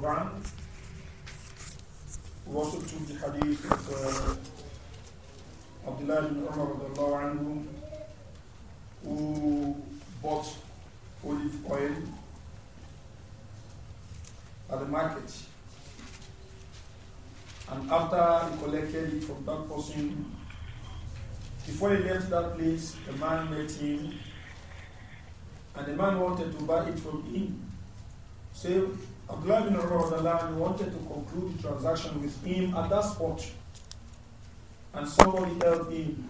Quran. We also took the hadith of uh, Abdullah ibn Umar anhu, who bought olive oil at the market. And after he collected it from that person, before he left that place, the man met him, and the man wanted to buy it from him. So Abdullah bin Rawdallah wanted to conclude the transaction with him at that spot. And somebody held him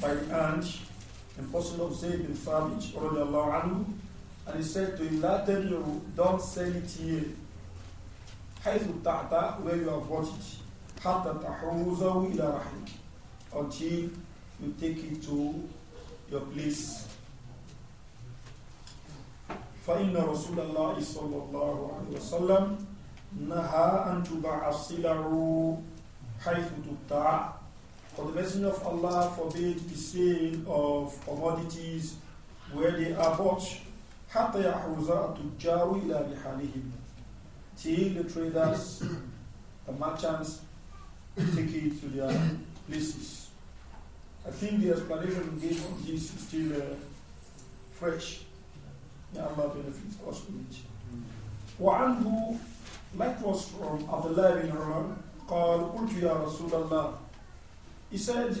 by the hand, the person of Zayd bin Thabit, anhu, and he said to him, La tell you, don't sell it here. حيث تعتا where you have bought it حتى تحوزه إلى رحلك until you take it to your place فإن رسول الله صلى الله عليه وسلم نهى أن تباع السلع حيث تبتاع For the Messenger of Allah forbade the sale of commodities where they are bought حتى يحوز التجار إلى رحالهم Till the traders, the merchants take it to their places. I think the explanation we this is still uh, fresh. نعم benefit us with it. وعنه likewise from Abdullah bin قال قلت يا رسول الله He said,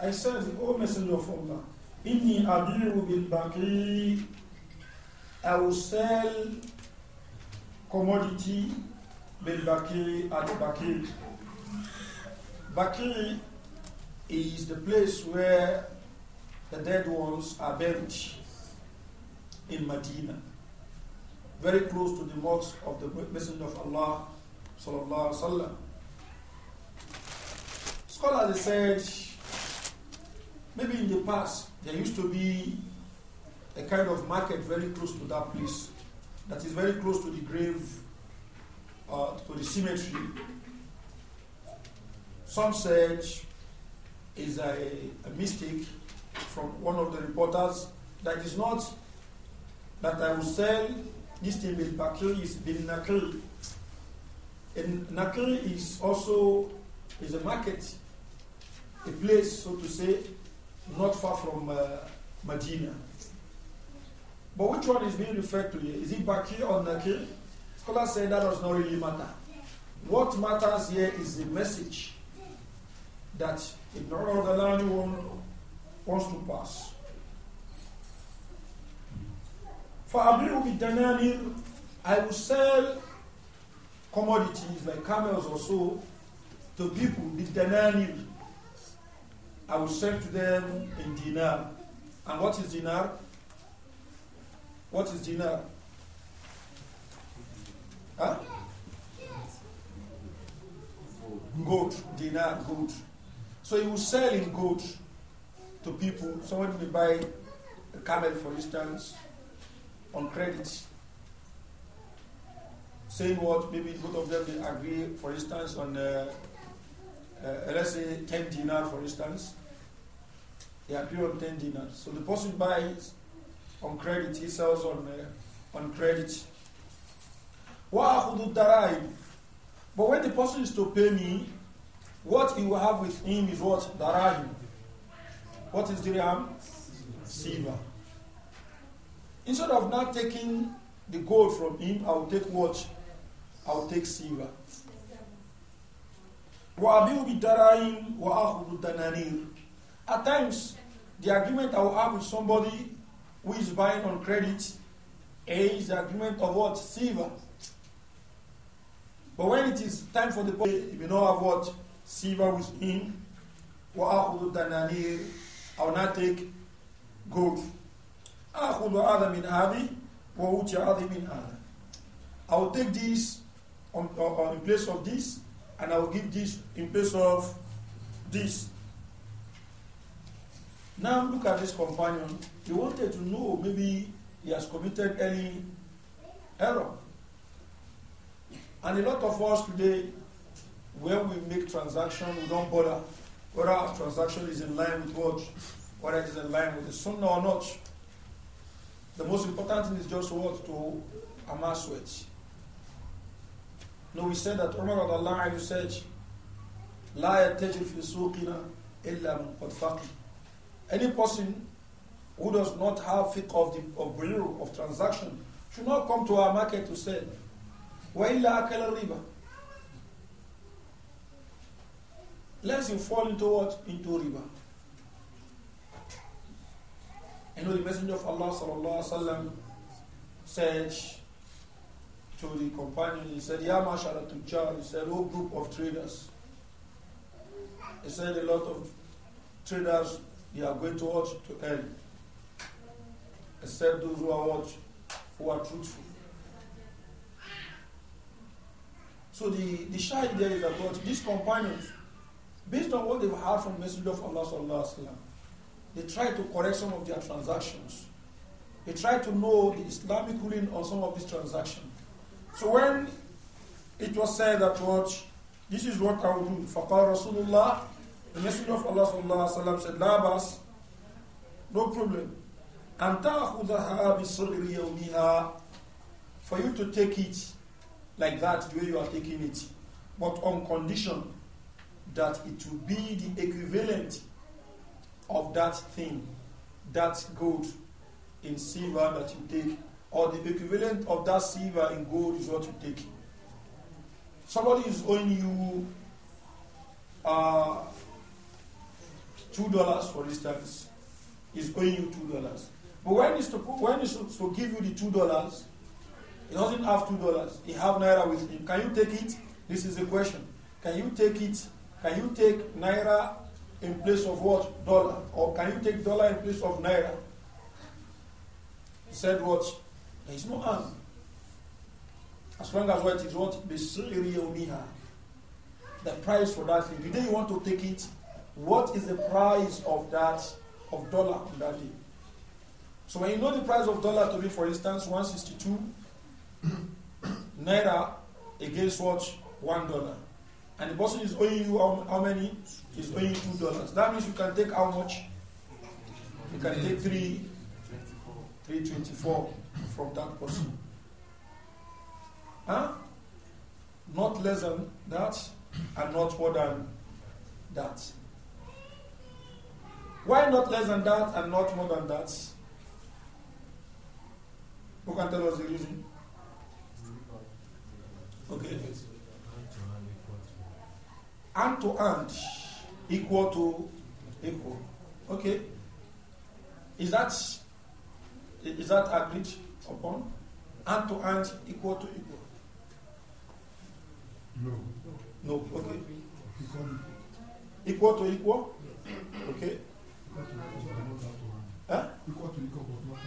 I said, O Messenger of Allah, إني أبيع بالبقي I will sell commodity بالبقي at Baqi. Baqi is the place where the dead ones are buried in Medina, very close to the mosque of the Messenger of Allah. Sallallahu Scholars said maybe in the past there used to be a kind of market very close to that place that is very close to the grave, uh, to the cemetery. Some said is a, a mistake from one of the reporters that is not that I will sell this thing bil bakr is bil nakr. And nakr is also is a market, a place, so to say, not far from uh, Medina. But which one is being referred to here? Is it Bakir or Nakir? Scholars say that does not really matter. What matters here is the message that Ibn Umar wants to pass. فَأَبْرِعُ بِالدَّنَانِرِ I will sell commodities like camels or so to people with dinar. I will sell to them in dinar. And what is dinar? What is dinar? Huh? Goat, dinar, goat. So he will sell in goat to people. Someone will buy a camel, for instance, on credit. Saying what maybe both of them they agree, for instance, on uh, uh, let's say 10 dinar, for instance. They agree on 10 dinar. So the person buys on credit, he sells on, uh, on credit. But when the person is to pay me, what he will have with him is what? Darahim. What is dirham? Silver. Instead of not taking the gold from him, I will take what? I will take silver. At times, the agreement I will have with somebody who is buying on credit is the agreement of what? Silver. But when it is time for the pay, if you know have what? Silver with him, I will not take gold. أخذ هذا من هذه وأوتي هذه من هذا I will take this on, on, in place of this and I will give this in place of this. Now look at this companion. He wanted to know maybe he has committed any error. And a lot of us today, when we make transaction, we don't bother whether our transaction is in line with what, whether it is in line with the sunnah or not. The most important thing is just what to amass wealth. No, we said that Umar radiallahu you said, لا يتجر في سوقنا إلا من قد Any person who does not have fiqh of, the, of bureau, of transaction, should not come to our market to sell. وَإِلَّا أَكَلَ riba. Lest you fall into what? Into riba. You know, the Messenger of Allah sallallahu sallam, said to the companion, he said, Ya mashallah Tujjar, he said, oh group of traders. He said, a lot of traders, they are going to watch To hell. Except those who are what? Who are truthful. So the, the shy idea is that what? These companions, based on what they've heard from Messenger of Allah sallallahu alaihi wasallam, they tried to correct some of their transactions. They tried to know the Islamic ruling on some of these transactions. So when it was said that what this is what I will do, Faqar Rasulullah, the Messenger of Allah sallallahu alaihi wasallam said, Labas, no problem. for you to take it like that, the way you are taking it, but on condition that it will be the equivalent of that thing, that gold in silver that you take, or the equivalent of that silver in gold is what you take. Somebody is owing you uh, two dollars, for instance, is owing you two dollars. But when he's to when he's to give you the two dollars, he doesn't have two dollars. He have naira with him. Can you take it? This is the question. Can you take it? Can you take naira in place of what? Dollar. Or can you take dollar in place of naira? He said what? There is no harm. As long as what is what? The price for that thing. The day you want to take it, what is the price of that, of dollar on that day? So when you know the price of dollar to be, for instance, 162 naira against what? $1 dollar and the person is owing you how, how many? He's owing two dollars. That means you can take how much? You can take three, three twenty-four from that person. Huh? Not less than that, and not more than that. Why not less than that and not more than that? Who can tell us the reason? Okay hand to hand, equal to equal. Okay? Is that is that agreed upon? Hand to hand, equal to equal. No. No. Okay. Equal. to equal. Okay. Equal to equal,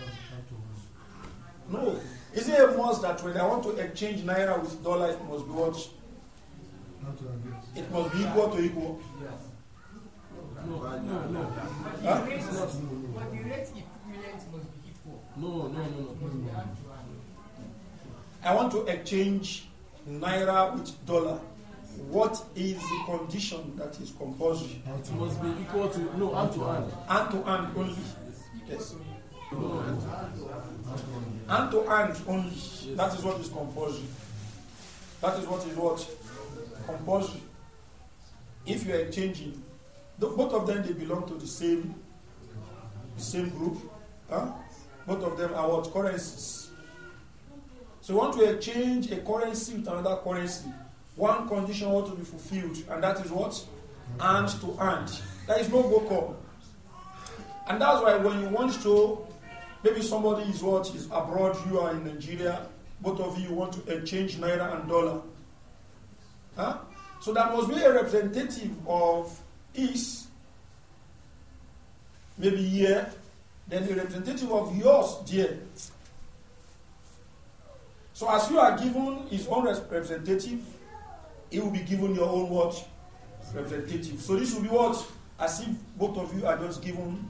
No. Is it a must that when I want to exchange naira with dollar, it must be what? It must be equal to equal. No, no, no. no. Huh? rate equivalent, must be equal. No, no, no, no. I want to exchange naira with dollar. What is the condition that is compulsory? It must be equal to no hand to hand. Hand to hand only. Yes. Hand to hand only. That is what is compulsory. That is what is what compulsory. If you are changing, both of them they belong to the same, the same group. Huh? Both of them are what currencies. So once we exchange a currency with another currency, one condition ought to be fulfilled, and that is what? Hand to hand. There is no go And that's why when you want to, maybe somebody is what is abroad, you are in Nigeria, both of you want to exchange naira and dollar. Huh? So that must be a representative of his, maybe here, then a representative of yours there. So as you are given his own representative, he will be given your own what? Representative. So this will be what? As if both of you are just given,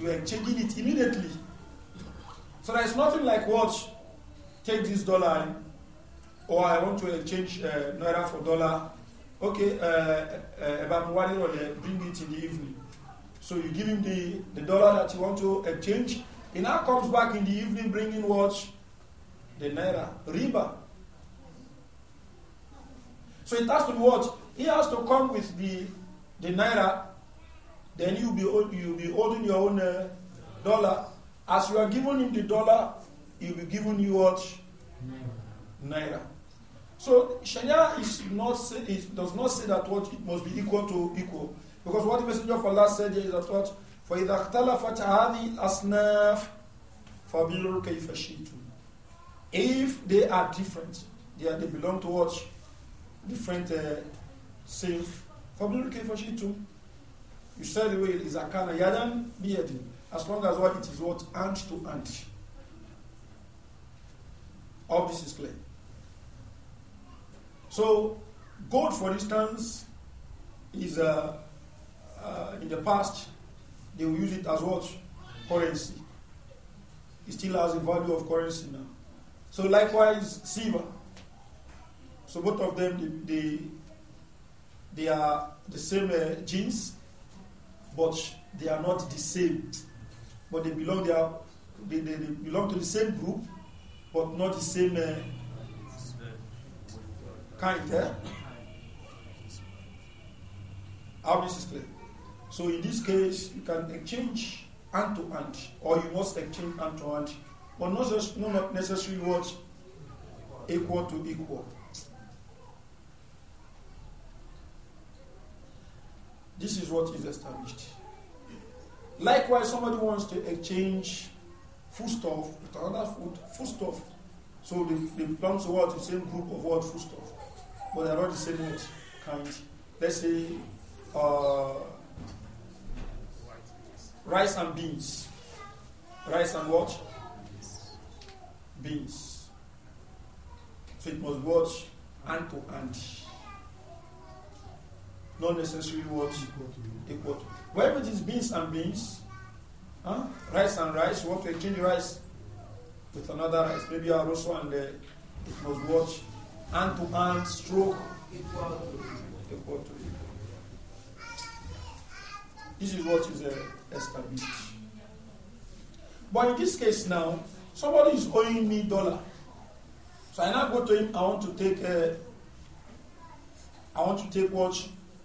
you are exchanging it immediately. So there is nothing like what? Take this dollar or oh, I want to exchange uh, naira for dollar. Okay, about one or bring it in the evening. So you give him the, the dollar that you want to exchange. He now comes back in the evening bringing what? The naira, riba. So it has to be what? He has to come with the, the naira, then you'll be, you'll be holding your own uh, dollar. As you are giving him the dollar, he'll be giving you what? Naira. naira. So Sharia is not say, it does not say that what it must be equal to equal. Because what the Messenger of Allah said is that what for اخْتَلَفَتْ هَذِي الْأَصْنَافِ فَبِرُوا كَيْفَ If they are different, they, are, they belong to what? Different uh, safe. فَبِرُوا كَيْفَ You say the way it is akana yadan biyadin. As long as what it is what hand to hand. All this is clear. So, gold, for instance, is uh, uh, in the past, they will use it as what? Currency. It still has a value of currency now. So, likewise, silver. So, both of them, they, they, they are the same uh, genes, but they are not the same. But they belong, they, are, they, they, they belong to the same group, but not the same uh, Kind, How this is clear. So in this case, you can exchange hand to hand, or you must exchange hand to hand, but not, just, not necessarily what equal to equal. This is what is established. Likewise, somebody wants to exchange foodstuff with another food, foodstuff. So they, they belong to what? The same group of what foodstuff but they're not the same kind. Let's say uh, rice and beans. Rice and what? Beans. So it must watch hand to hand. Not necessarily what equal to. Where it is beans and beans, huh? rice and rice, you want to exchange rice with another rice, maybe a rosso and uh, it must watch hand to hand stroke This is what is uh, established. But in this case now, somebody is owing me dollar. So I now go to him, I want to take a. Uh, I want to take watch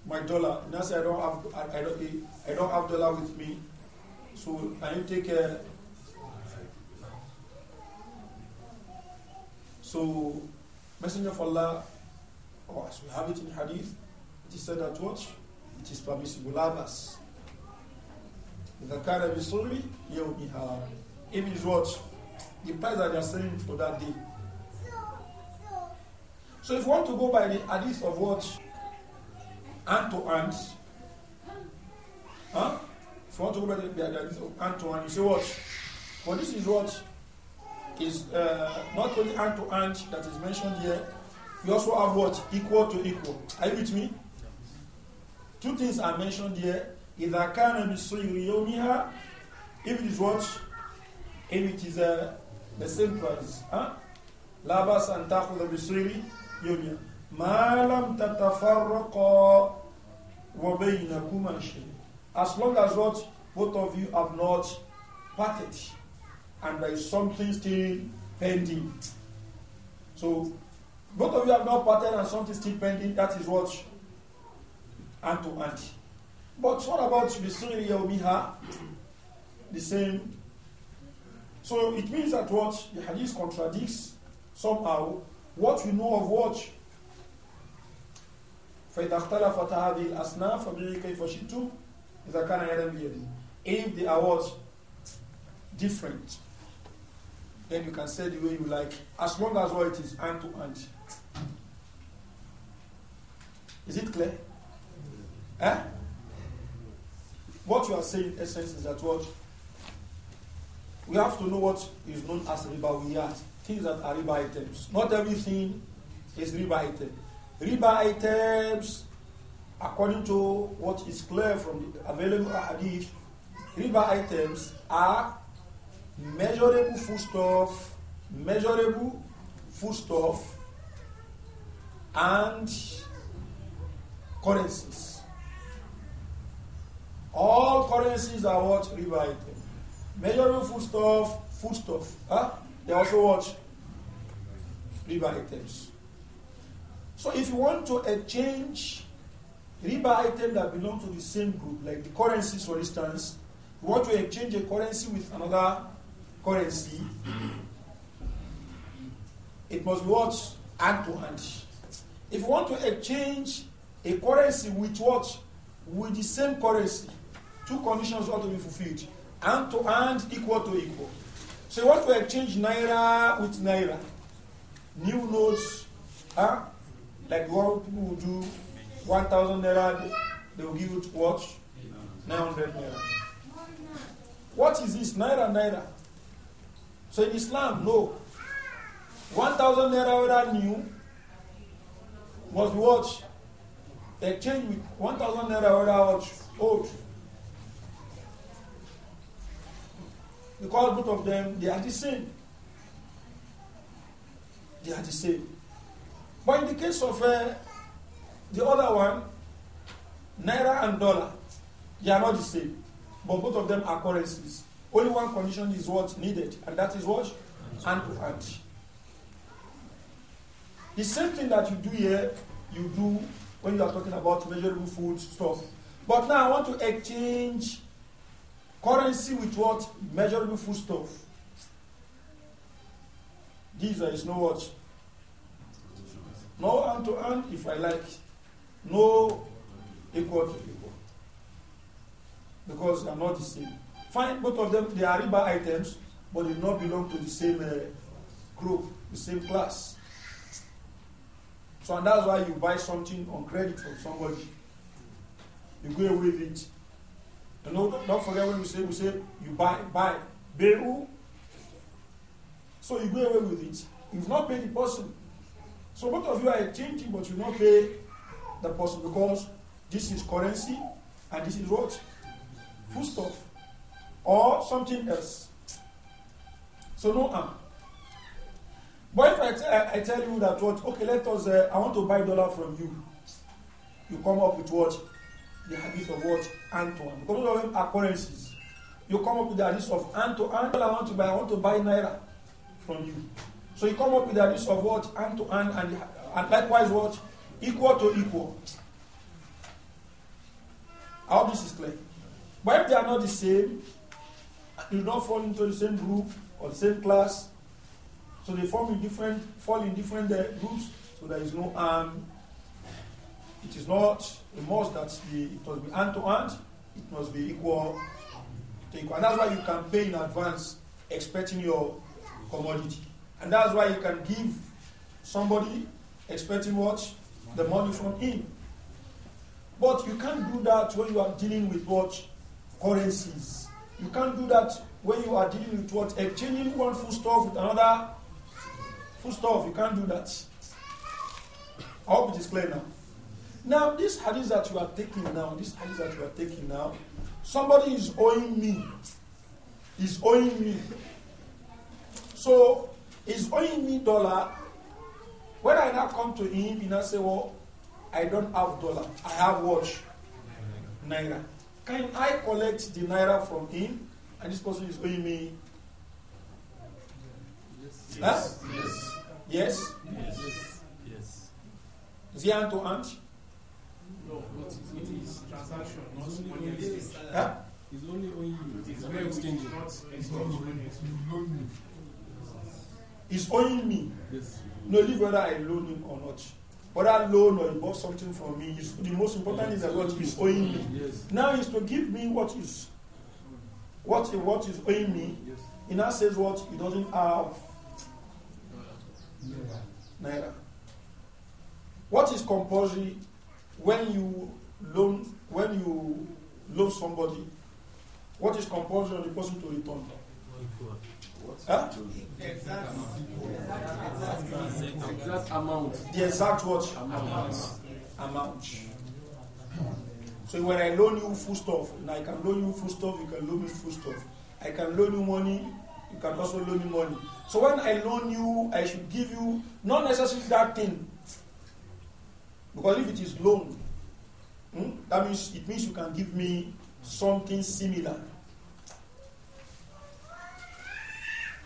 my dollar. And I say I don't have I, I, don't I don't have dollar with me. So can you take a? Uh, so Messenger of Allah, or as we have it in Hadith, it is said that what? It is permissible. Labas. إذا كان بصلب يومها It means what? The price that they are selling for that day. So if you want to go by the hadith of what? Hand to hand. Huh? If you want to go by the, hadith of hand to hand, you say what? For this is what? is uh, not only hand to hand that is mentioned here, we also have what? Equal to equal. Are you with me? Two things are mentioned here. إذا كان بصير يومها if it is what? If it is uh, the same price. Huh? Labas بأس أن تأخذ بصير يومها ما لم تتفرقا وبينكما شيء as long as what both of you have not parted and there is something still pending. So both of you have now parted and something still pending. That is what hand to hand. But what about Bisiri Yawmiha? The same. So it means that what the hadith contradicts somehow what we know of what. فإذا اختلفت هذه الأصناف فبعي كيف شئتم إذا كان يدا بيدي. If they are what? Different then you can say the way you like, as long as what it is hand to hand. Is it clear? Eh? What you are saying, in essence, is that what we have to know what is known as riba wiyat, things that are riba items. Not everything is riba item. Riba items, according to what is clear from the available hadith, riba items are measurable foodstuff, measurable foodstuff, and currencies. All currencies are what riba Measurable foodstuff, foodstuff. Huh? They also what? Riba items. So if you want to exchange riba item that belong to the same group, like the currencies for instance, you want to exchange a currency with another currency, it must be what? Hand to hand. If you want to exchange a currency with what? With the same currency, two conditions ought to be fulfilled. Hand to hand, equal to equal. So you want to exchange naira with naira. New notes, huh? like what people will do, 1,000 naira, they will give you what? 900 naira. What is this? Naira, naira. So in Islam, no. 1,000 naira order new must be what? Exchange with 1,000 naira that old. Because both of them, they are the same. They are the same. But in the case of uh, the other one, naira and dollar, they are not the same. But both of them are currencies. Only one condition is what's needed, and that is what? Hand to hand. The same thing that you do here, you do when you are talking about measurable food stuff. But now I want to exchange currency with what? Measurable food stuff. These is no what? No hand to hand if I like. No equal to equal. Because they are not the same. Fine, both of them, they are riba items, but they do not belong to the same uh, group, the same class. So and that's why you buy something on credit from somebody. You go away with it. You don't, don't forget when we say we say you buy, buy, beru. So you go away with it. You've not paid the person. So both of you are changing, but you not pay the person because this is currency and this is what? Food stuff or something else. So no harm. But if I, t- I tell you that what, okay, let us, uh, I want to buy dollar from you. You come up with what? The habit of what? and to Because all of them are currencies. You come up with the list of and to hand. I want to buy, I want to buy naira from you. So you come up with the list of what? and to and, and likewise what? Equal to equal. All this is clear. But if they are not the same, you don't fall into the same group or same class. So they form in different, fall in different uh, groups, so there is no arm. It is not a must that the, it must be hand to hand, it must be equal to equal. And that's why you can pay in advance expecting your commodity. And that's why you can give somebody expecting what? The money from him. But you can't do that when you are dealing with what? Currencies. You can't do that when you are dealing with what? Exchanging one foodstuff with another foodstuff. You can't do that. I hope it is clear now. Now, this hadith that you are taking now, this hadith that you are taking now, somebody is owing me. Is owing me. So, is owing me dollar. When I now come to him, he now say, well, I don't have dollar. I have watch. Naira. Can I collect the naira from him and this person is owing me? Yes. Huh? Yes. Yes? Yes. Yes. yes. Is he hand to hand? No, but it is transaction, not money exchange. Huh? It's only owing you. It is very exchange. Not exchange. It's owing me. Yes. No, leave whether I loan him or not that loan or he bought something from me, the most important is that what he's owing me. Yes. Now is to give me what is what he, what is owing me. Yes. He now says what he doesn't have. Naira. Naira. What is compulsory when you loan when you loan somebody? What is compulsory on the person to return? Huh? The exact, amount. The exact what? Amount. Amount. So when I loan you full stuff, now I can loan you full stuff, you can loan me full stuff. I can loan you money, you can also loan me money. So when I loan you, I should give you not necessarily that thing. Because if it is loan, hmm, that means it means you can give me something similar.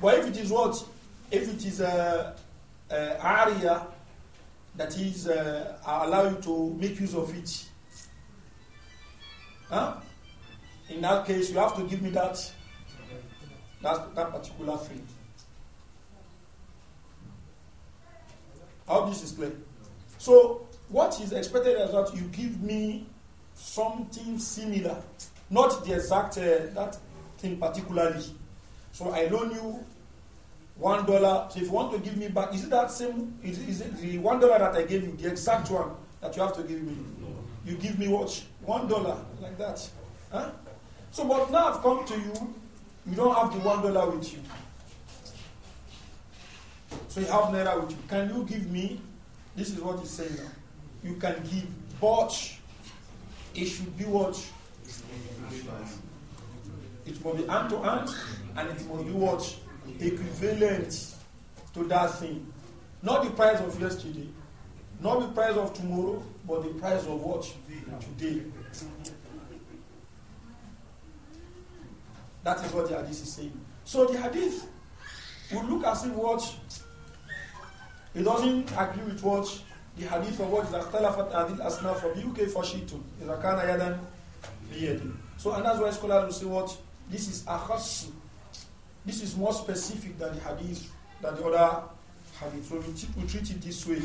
But if it is what? If it is a, uh, uh, area that is uh, allow you to make use of it, huh? in that case, you have to give me that, that, that particular thing. How this is clear. So, what is expected is that you give me something similar, not the exact uh, that thing particularly. So I loan you one dollar. So if you want to give me back, is it that same? Is it the one dollar that I gave you, the exact one that you have to give me? You give me what? One dollar, like that. Huh? So, but now I've come to you, you don't have the one dollar with you. So you have naira with you. Can you give me? This is what he's saying now. You can give, but it should be what? It must be hand to hand, and it must be what? equivalent to that thing. Not the price of yesterday, not the price of tomorrow, but the price of what? Today. That is what the hadith is saying. So the hadith will look as if what it doesn't agree with what the hadith of what is اختلفت هذه الأصناف فبيوك فشيتم إذا كان يدا So and that's why scholars will say what this is أخص this is more specific than the hadith, than the other hadith. So we, we treat it this way.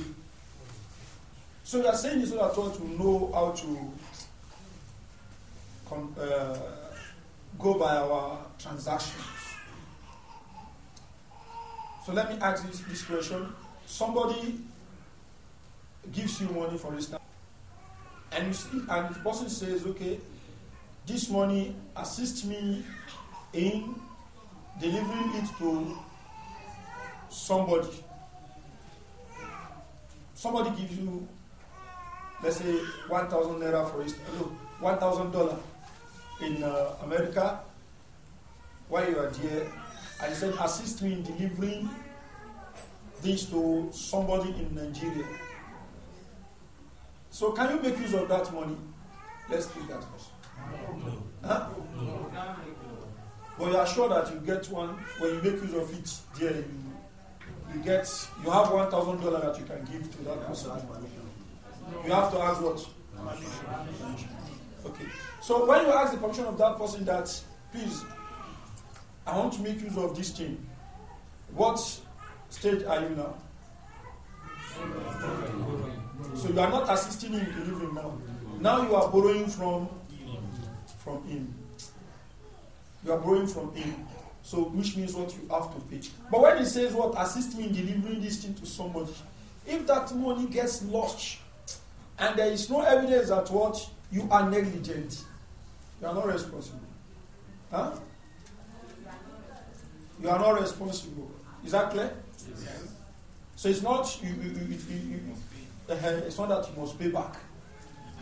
So we are saying this so that one to know how to uh, go by our transactions. So let me ask this, this question. Somebody gives you money, for instance, and, see, and the person says, okay, this money assists me in delivering it to somebody. Somebody gives you, let's say, 1,000 naira for instance, $1,000 in uh, America while you are there, and he said, assist me in delivering this to somebody in Nigeria. So, can you make use of that money? Let's do that first. No. Huh? But you are sure that you get one when you make use of it there. You, you get you have one thousand dollar that you can give to that person. You have to ask what? Okay. So when you ask the permission of that person that please I want to make use of this thing, what stage are you now? So you are not assisting him to live in now. Now you are borrowing from from him. You are borrowing from him. So, which means what you have to pay. But when he says, What assist me in delivering this thing to somebody, if that money gets lost and there is no evidence that what you are negligent, you are not responsible. Huh? You are not responsible. Is that clear? Yes. So it's not you, you, you, uh, it's not that you must pay back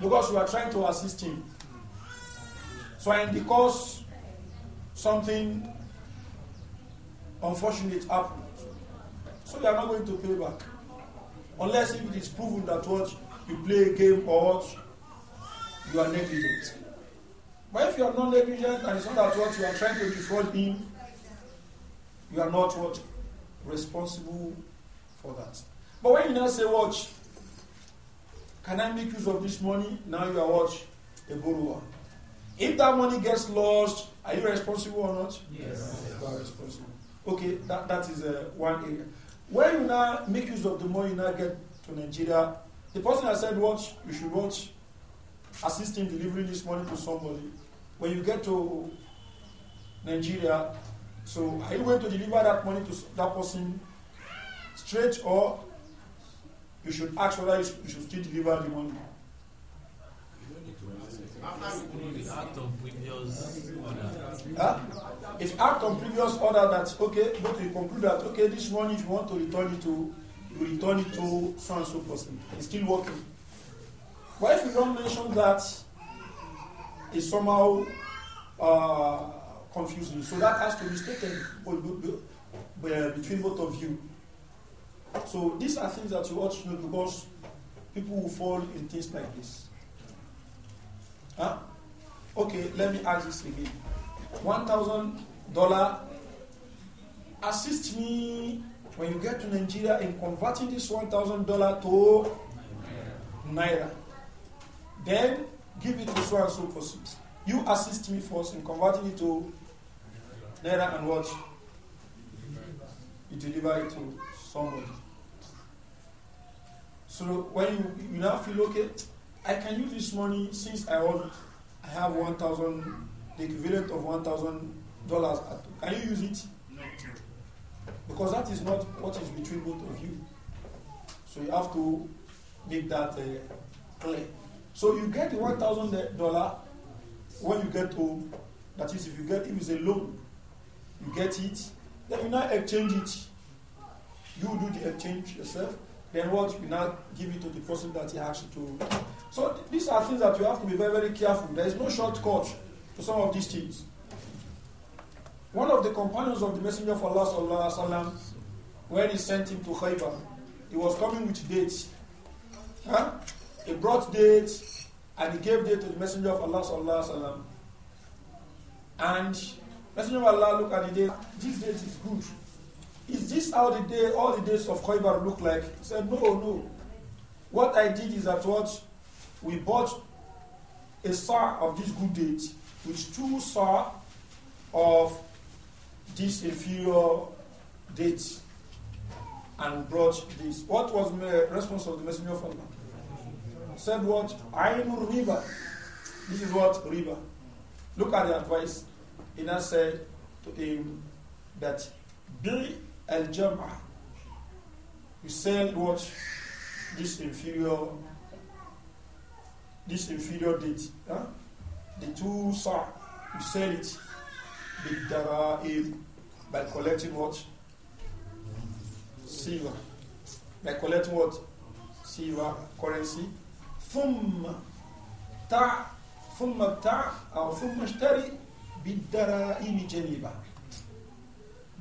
because you are trying to assist him. So in the course something unfortunate happened. So you are not going to pay back. Unless if it is proven that what you play a game or what you are negligent. But if you are not negligent and it's not that what you are trying to defraud him, you are not what responsible for that. But when you now say, watch, can I make use of this money? Now you are what? A borrower. If that money gets lost, are you responsible or not? Yes. You are responsible. Okay, that, that is uh, one area. When you now make use of the money you now get to Nigeria, the person I said, watch, you should watch, assisting delivering this money to somebody. When you get to Nigeria, so are you going to deliver that money to that person straight or you should ask whether you should still deliver the money? If Huh? It's act on previous order that okay, but you conclude that okay, this one if you want to return it to you return it to so and so person. It's still working. But if you don't mention that, it's somehow uh, confusing. So that has to be stated uh, between both of you. So these are things that you ought to know because people will fall in things like this. Huh? Okay, let me ask this again. $1,000 assist me when you get to Nigeria in converting this $1,000 to Naira. Then give it to so and so for person. You assist me first in converting it to Naira and what? You deliver it to somebody. So when you, you now feel okay, I can use this money since I own, I have 1,000, the equivalent of $1,000. Can you use it? No. Because that is not what is between both of you. So you have to make that uh, clear. So you get the $1,000 when you get home. That is, if you get if it's a loan, you get it. Then you now exchange it. You do the exchange yourself. Then what? You now give it to the person that you asked to so th these are things that you have to be very, very careful. There is no shortcut to some of these things. One of the companions of the Messenger of Allah sallallahu alaihi wasallam, when he sent him to Khaybar, he was coming with dates. Huh? He brought dates and he gave dates to the Messenger of Allah sallallahu alaihi wasallam. And Messenger of Allah looked at the date. This date is good. Is this how the day, all the days of Khaybar look like? He said, No, no. What I did is that what we bought a saw of this good date with two saw of this inferior date and brought this. What was the response of the messenger of Allah? Said what? I'm river." This is what? river. Look at the advice. now said to him that be al jam'ah. You said what? This inferior this inferior date. Huh? The two sa, you sell it dara by collecting what? Silver. By collecting what? Silver currency. ثم تع ثم تع أو ثم اشتري بالدرائم جنيبة.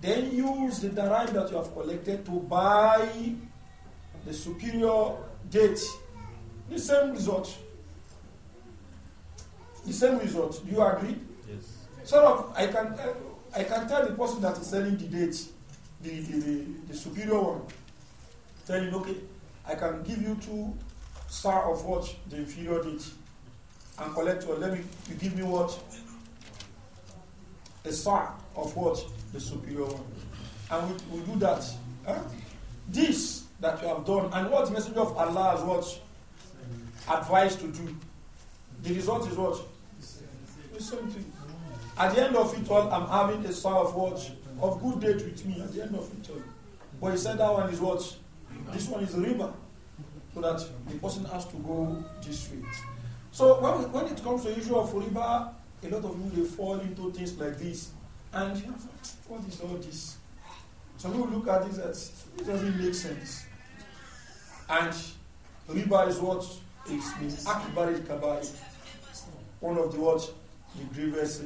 Then use the daraim that you have collected to buy the superior date. The same result the same result. Do you agree? Yes. Sort of, I can, I can tell the person that is selling the date, the, the, the, the superior one, tell him, okay, I can give you two star of what? The inferior date. And collect what? Let me, you give me what? A star of what? The superior one. And we, we do that. Huh? This that you have done, and what the Messenger of Allah has what? Advised to do. The result is what? something. At the end of it all, I'm having a sort of what? Of good date with me at the end of it all. But he said that one is what? This one is riba. So that the person has to go this way. So when, when it comes to the issue of riba, a lot of people they fall into things like this. And you know, what is all this? Some people look at this as it doesn't make sense. And riba is what? It's the Akbar al One of the words the grievous,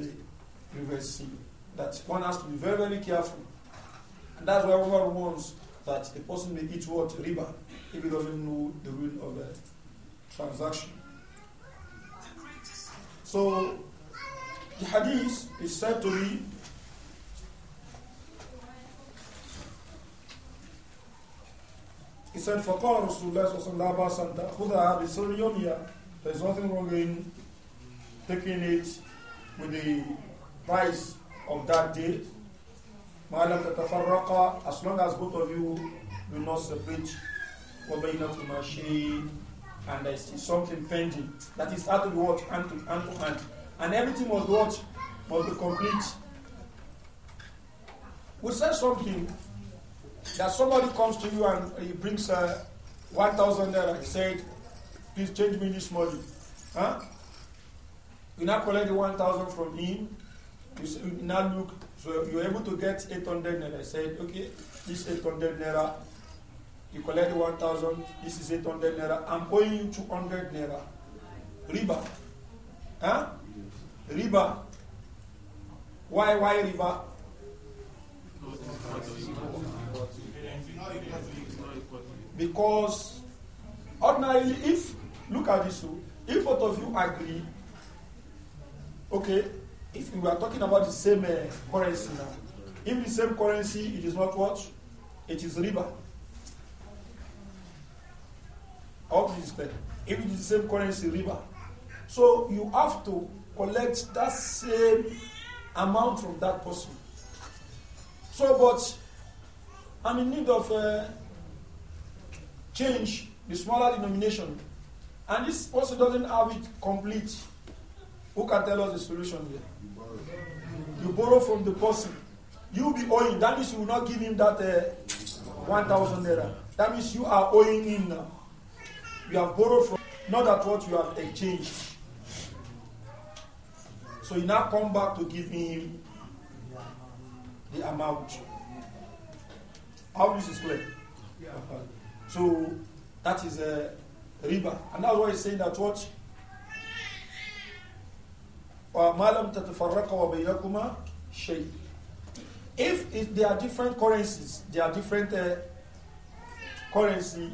grievous sin. That one has to be very, very careful. And that's why everyone wants that a person may eat what? Riba, if he doesn't know the rule of the transaction. So, the hadith is said to be He said, فَقَالَ رَسُولُ اللَّهِ صَلَّى اللَّهُ عَلَيْهِ وَسَلَّمَ خُذَهَا بِسِرْ There is nothing wrong in taking it with the price of that deal. As long as both of you do not separate وَبَيْنَكُمَا شَيْءٍ and there is something pending. That is out to work what? Hand to hand to hand. And everything was worked Must be complete. We say something that somebody comes to you and he brings a uh, 1,000 naira. He said, please change me this money. Huh? You now collect the 1,000 from him. You now look, so you're able to get 800 naira. I said, okay, this 800 naira, you collect the 1,000, this is 800 naira. I'm owing you 200 naira. Riba. Huh? Riba. Why, why riba? Because ordinarily, if, look at this, oh, if both of you agree Okay, if we are talking about the same uh, currency now, if the same currency, it is not what? It is riba. How to explain? If it is the same currency, riba. So you have to collect that same amount from that person. So, but I'm in need of uh, change, the smaller denomination, and this person doesn't have it complete. Who can tell us the solution here? You borrow, you borrow from the person. You will be owing. That means you will not give him that uh, 1,000 naira. That means you are owing him now. You have borrowed from, not that what you have exchanged. So you now come back to give him the amount. How this is clear? Yeah. So that is a uh, riba. And that's why he's saying that what لَمْ تَتَفَرَّقَ وَبَيْنَكُمَا شَيْءٍ if, there are different currencies, there are different uh, currency.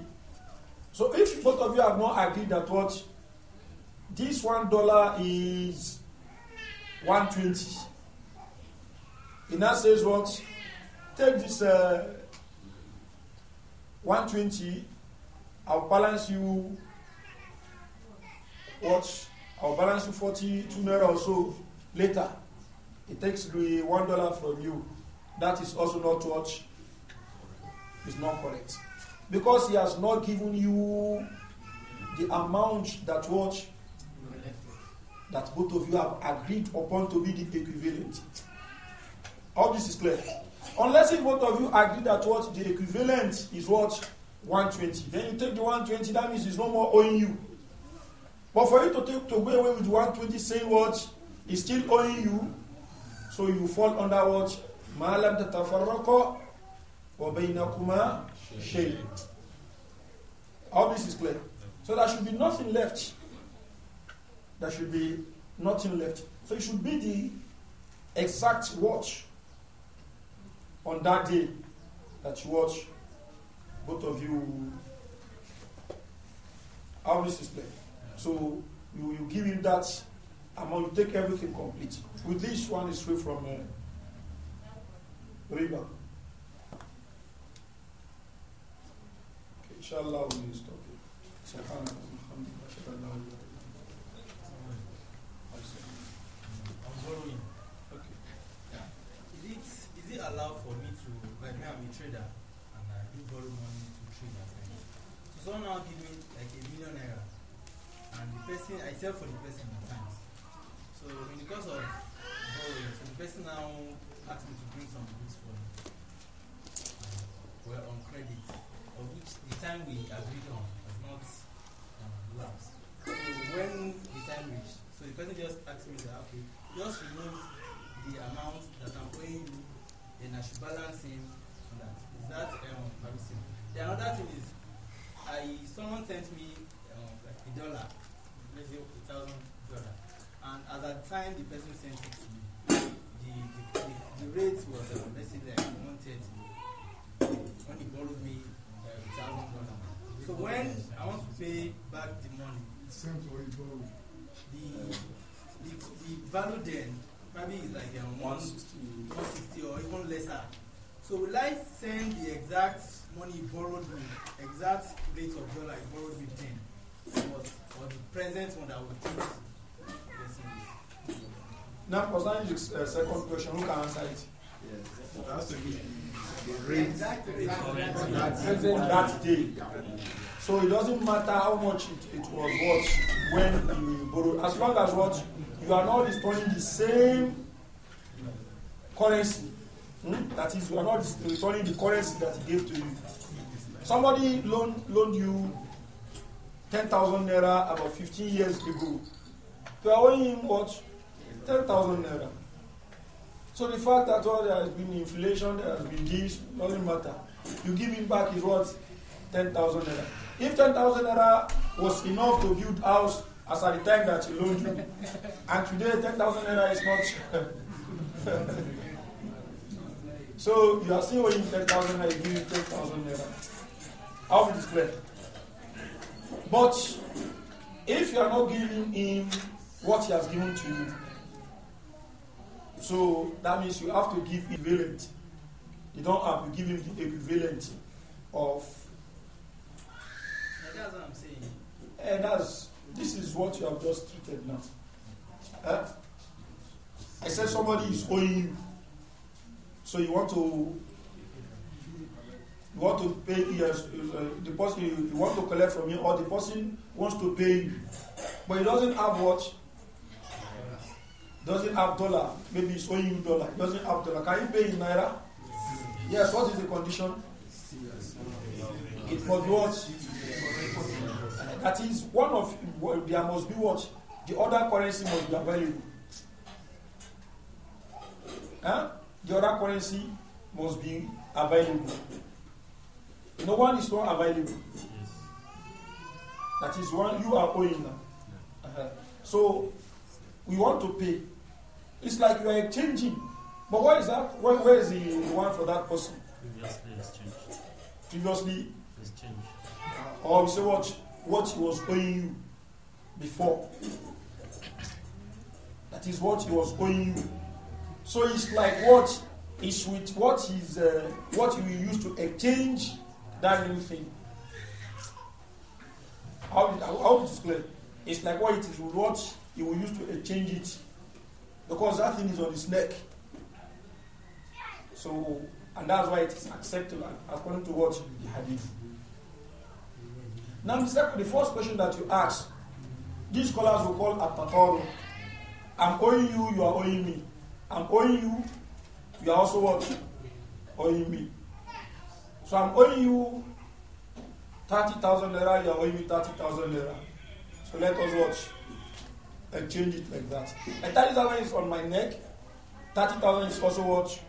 So if both of you have not agreed that what this one dollar is one twenty, it now says what take this uh, one twenty, I'll balance you what or balance 42 naira or so later, it takes the one dollar from you. That is also not what is not correct. Because he has not given you the amount that what that both of you have agreed upon to be the equivalent. All this is clear. Unless if both of you agree that what the equivalent is what 120, then you take the 120, that means it's no more owing you. But for you to take to go away with 120 saying what is still owing you, so you fall under what? ما لم تتفرقا وبينكما شيء. All this is clear. So there should be nothing left. There should be nothing left. So it should be the exact watch on that day that you watch both of you. All this is clear. So you, you give him that amount, you take everything complete. With this one is free from uh, riba. Okay, inshallah, we stop it. myself for the person at times. So in the course of so the person now asked me to bring some goods for him. We're on credit, of which the time we agreed on has not um, lapsed. So when the time reached, so the person just asked me that okay, just remove the amount that I'm paying you, and I should balance him on that. Is that um permissible? The another thing is I someone sent me um, like a dollar let's say, 1,000 dollars. And at that time, the person sent it to me. The, the, the, the rate was, uh, let's say, like 130 when he borrowed me 1,000 um, dollars. So when I want to pay back the money, Same for you The, the, the value then probably is like um, 160, or even lesser. So will I send the exact money borrowed me, exact rate of dollar I borrowed me then? Now, the present one that choose the second question, who can answer it? Yes, that's to be the rate exactly. on that day. So it doesn't matter how much it, it was worth when you borrow, as long as what you are not returning the same currency. Hmm? That is, you are not returning the currency that he gave to you. Somebody loaned, loaned you 10,000 naira about 15 years ago. You are owing him what? 10,000 naira. So the fact that well, there has been inflation, there has been this, doesn't matter. You give him back his what? 10,000 naira. If 10,000 naira was enough to build house as at the time that you loaned you, and today 10,000 naira is not. so you are still owing 10,000 naira, you give 10,000 naira. How will this play? But if you are not giving him what he has given to you, so that means you have to give equivalent. You don't have to give him the equivalent of. And that's what I'm saying. And eh, that's this is what you have just treated now. Eh? I said somebody is owing you, so you want to you want to pay yes, uh, the person you, you want to collect from you, or the person wants to pay you, but he doesn't have what doesn't have dollar, maybe it's owing you dollar, doesn't have dollar. Can you pay in naira? Yes. What is the condition? It must what? That is one of well, there must be what the other currency must be available. Huh? The other currency must be available. No one is not available. Yes. That is one you are owing now. Uh -huh. So we want to pay. It's like you are exchanging. But why is that? Where, where is the one for that person? Previously exchanged. Previously exchanged. changed. Uh, or we say what what he was owing you before. That is what he was owing you. So it's like what is with what is uh, what you used to exchange that new thing. How did, how it is clear? It's like what it is with what you will use to exchange eh, it. Because that thing is on his neck. So and that's why it is acceptable according to what the hadith. Now, the first question that you ask, these scholars will call atatoru. I'm owing you, you are owing me. I'm owing you, you are also what? Owing me. So I'm owing you 30,000 naira, you're owing me 30,000 naira. So let us watch. change it like that. And 30,000 is on my neck, 30,000 is also watch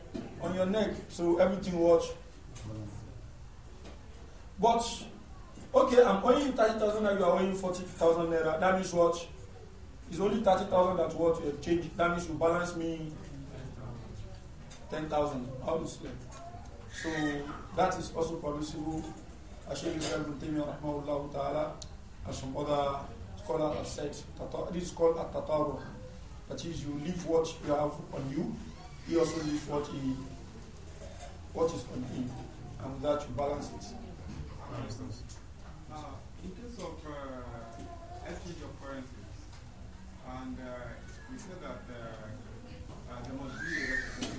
on your neck. So everything watch. But, okay, I'm owing you 30,000 and you are owing 40,000 naira. That means what? It's only 30,000 that what you it. That means you balance me 10,000. How is it? So that is also permissible. Ashaykhul Islam ibn Taymiyyah rahmahullah ta'ala and some other scholars have said, this is called a That is, you leave what you have on you, he also leaves what he what is on him, and that you balance it. Uh, in terms of uh, exchange of currencies, and uh, we said that uh, uh, there must be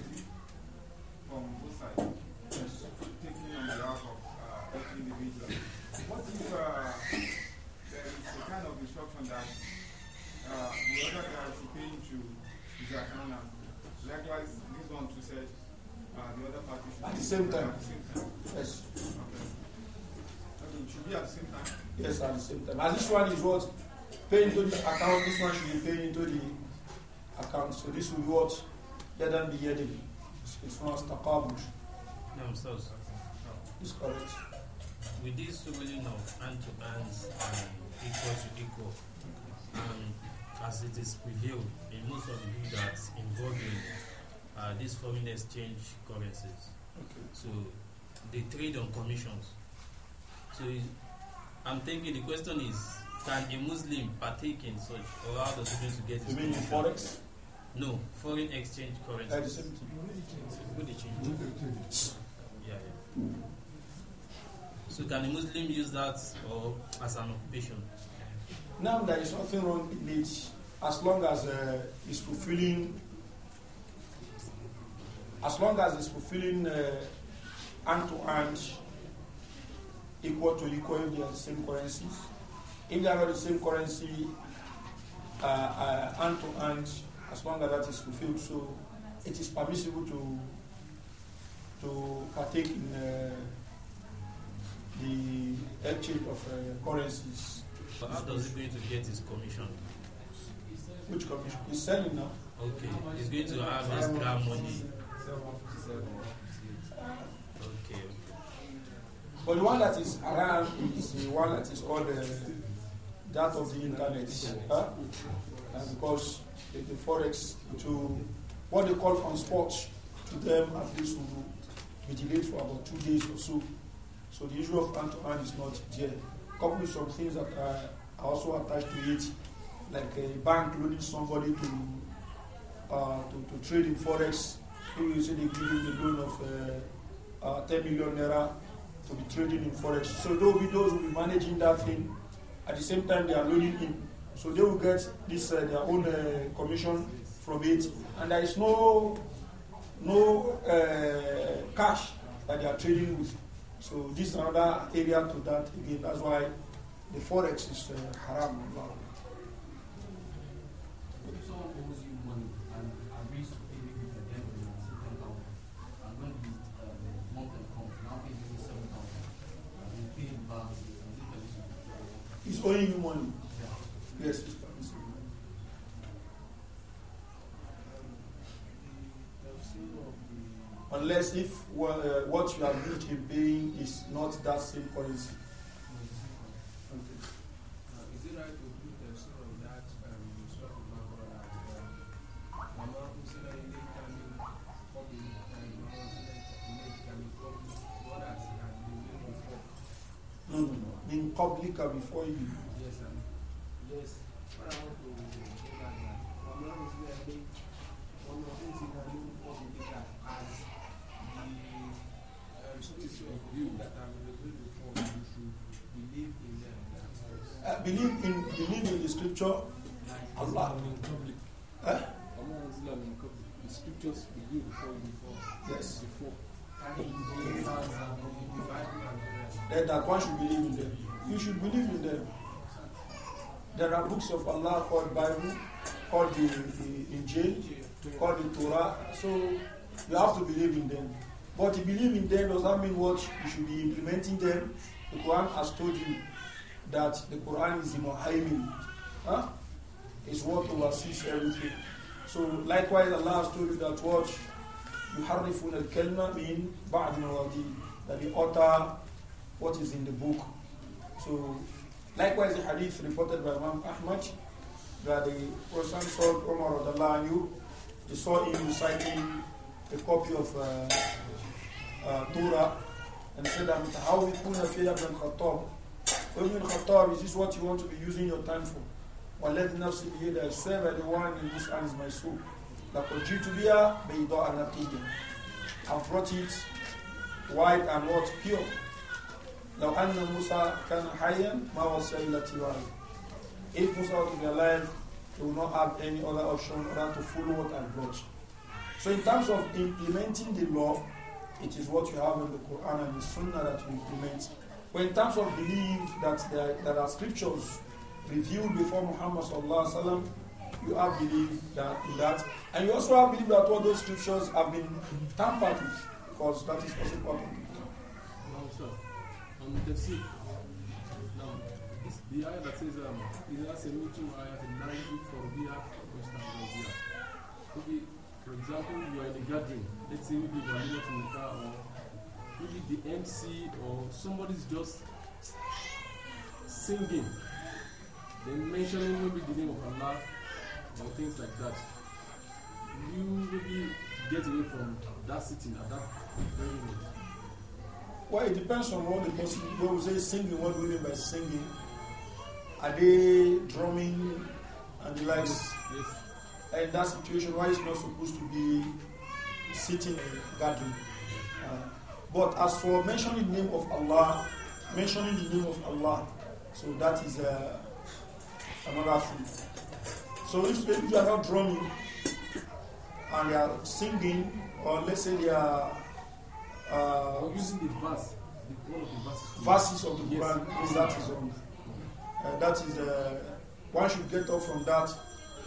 Uh, at the same time. Yes. Okay. okay. It should be at the same time. Yes, at the same time. And this one is what paying into this account. This one should be paying into the account. So this will be what yadan bi yadin. It's not as taqabud. No, so it's correct. With this ruling know hand to hands and um, equal to equal, um, as it is prevailed in most of the people involving uh, these foreign exchange currencies. Okay. So they trade on commissions. So I'm thinking the question is, can a Muslim partake in such, or how does he to get his You mean in forex? No, foreign exchange currency. Yeah, yeah. So can a Muslim use that or as an occupation? Now there is nothing wrong in it as long as uh, it's fulfilling, as long as it's fulfilling uh, hand to hand, equal to equal, they are the same currencies. If they are the same currency, uh, uh, hand to hand, as long as that is fulfilled, so it is permissible to to partake in uh, the exchange of uh, currencies. But how does he going to get his commission? Which commission? is selling now. Okay, he's going to have his grab money. Okay. But the one that is around is the one that is called the uh, that of the internet. Huh? And because the, forex to what they call on spot to them at least will be delayed for about two days or so. So the issue of hand to hand is not there. Coupled with some things that are also attached to it like a bank loaning somebody to, uh, to, to, trade in forex, who you say they give him the loan of uh, uh, 10 million naira to be trading in forex. So those widows will be managing that thing. At the same time, they are loading him. So they will get this uh, their own uh, commission from it. And there is no, no uh, cash that they are trading with. So this is another area to that again. That's why the forex is haram. owing you money. Yes, Unless if uh, what you have used in paying is not that same currency. قبلك before you. Yes, sir. Yes. What I want to uh, one of the things as the um, that I'm before, you should believe in them. Uh, believe in believe in the scripture. Allah. in public. The scriptures believe before before. Yes. Before. That, that one should believe in them you should believe in them. There are books of Allah called Bible, called the, the Injil, called the Torah. So you have to believe in them. But to believe in them does not mean what you should be implementing them. The Quran has told you that the Quran is the Muhaymin. Huh? It's what oversees everything. So likewise Allah has told you that what يحرفون الكلمة من بعد مواضيع that they utter what is in the book so, likewise, the hadith reported by Imam Ahmad that the person saw Umar of Anhu. he saw him reciting a copy of uh, uh, Torah and said, "I'm متعوذون في ابن الخطاب." Ibn Khattab, is this what you want to be using your time for? وَالَّذِي نَفْسِ بِيَدَ serve الْوَانِ in this hand is my soul. لَقَدْ جِئْتُ بِهَا بَيْضَاءَ نَقِيًّا I brought it white and not Pure. لو أن موسى كان حيا ما وصل إلى تباعه. If Musa were to be alive, he would not have any other option than to follow what I brought. So in terms of implementing the law, it is what you have in the Quran and the Sunnah that you implement. But in terms of belief that there, there are scriptures revealed before Muhammad sallallahu you have belief that in that, and you also have belief that all those scriptures have been tampered with, because that is also part of the on the tafsir. Now, the ayah that says, um, إِذَا سَمِيتُمْ آيَةَ اللَّهِ فَرْضِيَا وَاسْتَعْرَضِيَا Maybe, for example, you are in a gathering. Let's say maybe you are in the car or maybe the MC or somebody's just singing. Then mentioning maybe the name of Allah or things like that. You maybe get away from that sitting at that very moment. Well, it depends on what the person, when we say singing, what do we mean by singing? Are they drumming and the likes? Yes. In that situation, why is not supposed to be sitting in gathering? Uh, but as for mentioning the name of Allah, mentioning the name of Allah, so that is uh, another thing. So if they are not drumming and they are singing, or let's say they are uh, using the verse, the, of the verses. Verses of the Quran, yes. that is wrong. Uh, that is, uh, one should get off from that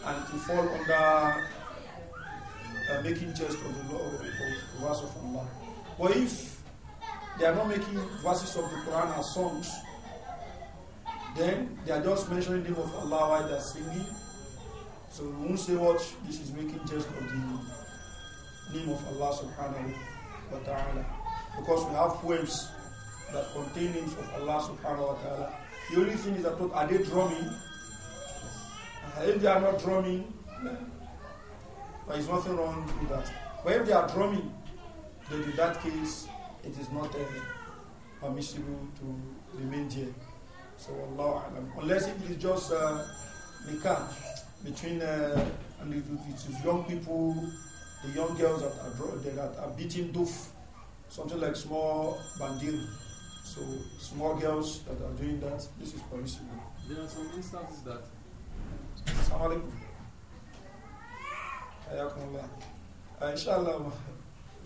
and to fall under uh, making jest of the law of, of the verse of Allah. But if they are not making verses of the Quran as songs, then they are just mentioning the name of Allah while they are singing. So we won't say what this is making jest of the name of Allah subhanahu wa ta'ala. Because we have poems that contain names of Allah subhanahu wa ta'ala. The only thing is that are they drumming? Uh-huh. If they are not drumming, there is nothing wrong with that. But if they are drumming, then in that case, it is not uh, permissible to remain there. So Allah Unless it is just uh, nikah between uh, and it, it is young people the young girls that are, draw, that are beating doof, something like small bandido. So small girls that are doing that, this is permissible. There are some instances that. Assalamu alaikum. Uh, inshallah,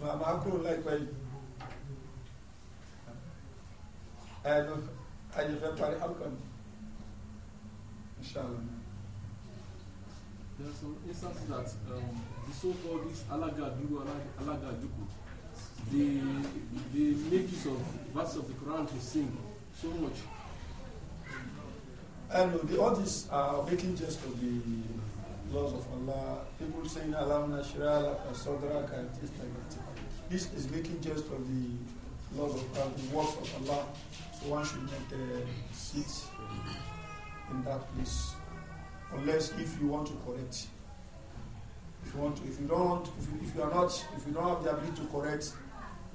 ma ma hakuru like why. And I just try outcome. Inshallah. There are some instances that. Um, the so-called this Alaga Duru, they, make use of verses of the Quran to sing so much. And the, all these are making just of the laws of Allah. People saying Allah Nashira, Sadrak, and this like that. This is making just of the laws of uh, the works of Allah. So one should not uh, sit in that place. Unless if you want to correct if you want, if you don't if you, if you are not, if you don't have the ability to correct,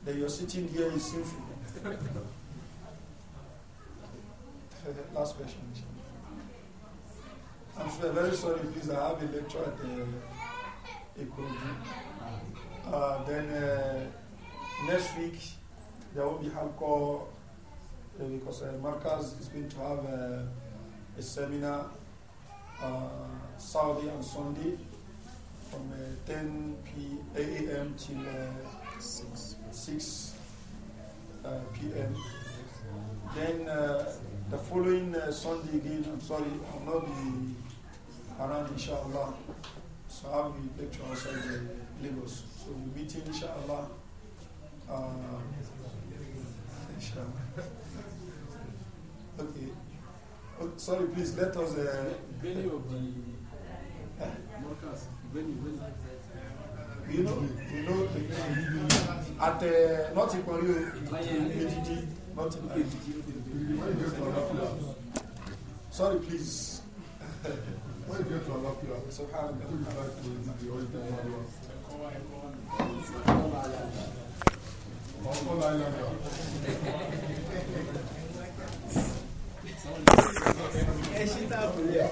then you're sitting here is sinful. Last question. I'm very sorry, please. I have a lecture at uh, the Ikodu. Uh, then uh, next week there will be hardcore uh, because uh, is going to have uh, a seminar uh, Saturday and Sunday from uh, 10 p a.m. till uh, 6, 6 uh, p.m. Then the following Sunday again, I'm sorry, I'll not be around inshallah. So I'll be lecture outside the Lagos. So we'll meet inshallah. Uh, inshallah. Okay. Oh, sorry, please let us. Uh, of the workers. Eh? ìlú ìlú at uh, not ìpọ̀nrí o èdìdí not ìpọ̀nrí sorry please. Wọ́n ìgbẹ́ tó àlàáfíà, sọ́kàn ní ọjọ́ ìgbàlódé ìdíje ọjọ́ ìgbàlódé. Ọkọ̀ láyé àgbà. Ẹ ṣí táàbù yẹ.